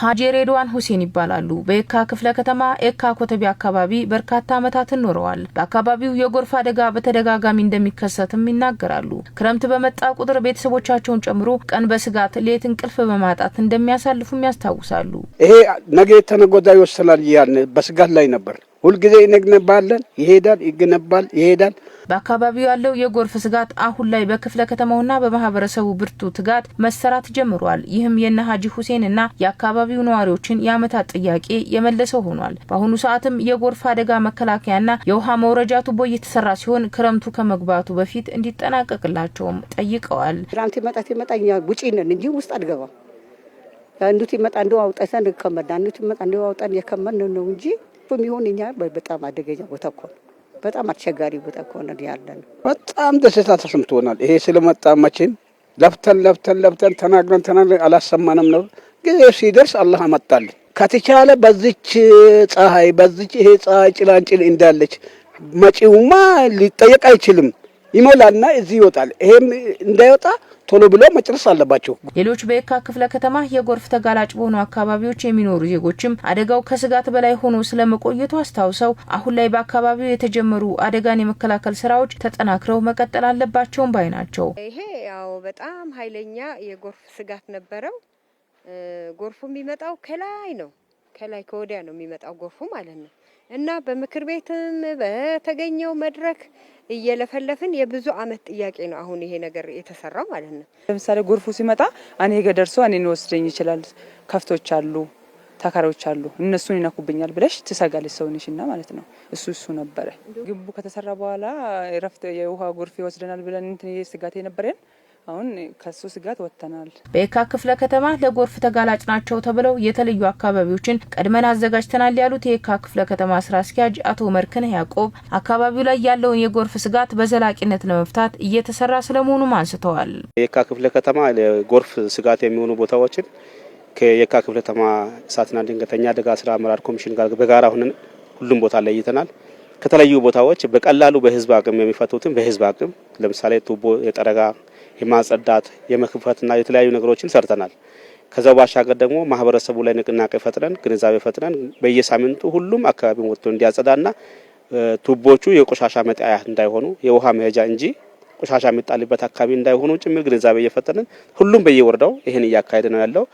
ሀጂ ሬድዋን ሁሴን ይባላሉ። በየካ ክፍለ ከተማ ኤካ ኮተቤ አካባቢ በርካታ ዓመታትን ኖረዋል። በአካባቢው የጎርፍ አደጋ በተደጋጋሚ እንደሚከሰትም ይናገራሉ። ክረምት በመጣ ቁጥር ቤተሰቦቻቸውን ጨምሮ ቀን በስጋት ሌት እንቅልፍ በማጣት እንደሚያሳልፉም ያስታውሳሉ። ይሄ ነገ ተነጎዳ ይወስላል እያልን በስጋት ላይ ነበር። ሁልጊዜ ይነግነባለን፣ ይሄዳል፣ ይገነባል፣ ይሄዳል በአካባቢው ያለው የጎርፍ ስጋት አሁን ላይ በክፍለ ከተማውና በማህበረሰቡ ብርቱ ትጋት መሰራት ጀምሯል። ይህም የነ ሀጂ ሁሴንና የአካባቢው ነዋሪዎችን የአመታት ጥያቄ የመለሰው ሆኗል። በአሁኑ ሰዓትም የጎርፍ አደጋ መከላከያና የውሃ መውረጃ ቱቦ እየተሰራ ሲሆን ክረምቱ ከመግባቱ በፊት እንዲጠናቀቅላቸውም ጠይቀዋል። ክረምት ይመጣት ይመጣ እኛ ውጪ ነን እንጂ ውስጥ አድገባም እንዱት ይመጣ እንደው አውጠተን ከመና እንዱት ይመጣ እንደው አውጠን የከመን ነው እንጂ ሁም ይሁን እኛ በጣም አደገኛ ቦታ እኮ ነው። በጣም አስቸጋሪ ቦታ ከሆነ ነው። በጣም ደስታ ተሰምቶናል። ይሄ ስለመጣ መቼም ለፍተን ለፍተን ለፍተን ተናግረን ተናግረን አላሰማንም ነው። ጊዜ ሲደርስ አላህ አመጣልን። ከተቻለ በዚች ፀሐይ በዚች ይሄ ፀሐይ ጭላንጭል እንዳለች መጪውማ ሊጠየቅ አይችልም። ይሞላልና እዚህ ይወጣል። ይሄም እንዳይወጣ ቶሎ ብሎ መጨረስ አለባቸው። ሌሎች በየካ ክፍለ ከተማ የጎርፍ ተጋላጭ በሆኑ አካባቢዎች የሚኖሩ ዜጎችም አደጋው ከስጋት በላይ ሆኖ ስለመቆየቱ አስታውሰው አሁን ላይ በአካባቢው የተጀመሩ አደጋን የመከላከል ስራዎች ተጠናክረው መቀጠል አለባቸውም ባይ ናቸው። ይሄ ያው በጣም ኃይለኛ የጎርፍ ስጋት ነበረው። ጎርፉ የሚመጣው ከላይ ነው። ከላይ ከወዲያ ነው የሚመጣው ጎርፉ ማለት ነው። እና በምክር ቤትም በተገኘው መድረክ እየለፈለፍን የብዙ አመት ጥያቄ ነው አሁን ይሄ ነገር የተሰራው ማለት ነው። ለምሳሌ ጎርፉ ሲመጣ እኔ ጋ ደርሶ እኔን ይችላል። ከፍቶች አሉ፣ ተካሪዎች አሉ፣ እነሱን ይነኩብኛል ብለሽ ትሰጋለች ሰውንሽና ማለት ነው። እሱ እሱ ነበረ ግንቡ ከተሰራ በኋላ ረፍት የውሃ ጎርፍ ይወስደናል ብለን እንትን ስጋት የነበረን አሁን ከሱ ስጋት ወጥተናል። በየካ ክፍለ ከተማ ለጎርፍ ተጋላጭ ናቸው ተብለው የተለዩ አካባቢዎችን ቀድመን አዘጋጅተናል ያሉት የየካ ክፍለ ከተማ ስራ አስኪያጅ አቶ መርክን ያዕቆብ አካባቢው ላይ ያለውን የጎርፍ ስጋት በዘላቂነት ለመፍታት እየተሰራ ስለመሆኑም አንስተዋል። የካ ክፍለ ከተማ ለጎርፍ ስጋት የሚሆኑ ቦታዎችን ከየካ ክፍለ ከተማ እሳትና ድንገተኛ አደጋ ስራ አመራር ኮሚሽን ጋር በጋራ ሁነን ሁሉም ቦታ ለይተናል። ከተለዩ ቦታዎች በቀላሉ በህዝብ አቅም የሚፈቱትን በህዝብ አቅም ለምሳሌ ቱቦ የጠረጋ የማጸዳት የመክፈትና የተለያዩ ነገሮችን ሰርተናል። ከዛ ባሻገር ደግሞ ማህበረሰቡ ላይ ንቅናቄ ፈጥረን ግንዛቤ ፈጥረን በየሳምንቱ ሁሉም አካባቢን ወጥቶ እንዲያጸዳና ቱቦቹ የቆሻሻ መጣያ እንዳይሆኑ የውሃ መሄጃ እንጂ ቆሻሻ የሚጣልበት አካባቢ እንዳይሆኑ ጭምር ግንዛቤ እየፈጠርን ሁሉም በየወረዳው ይህን እያካሄደ ነው ያለው።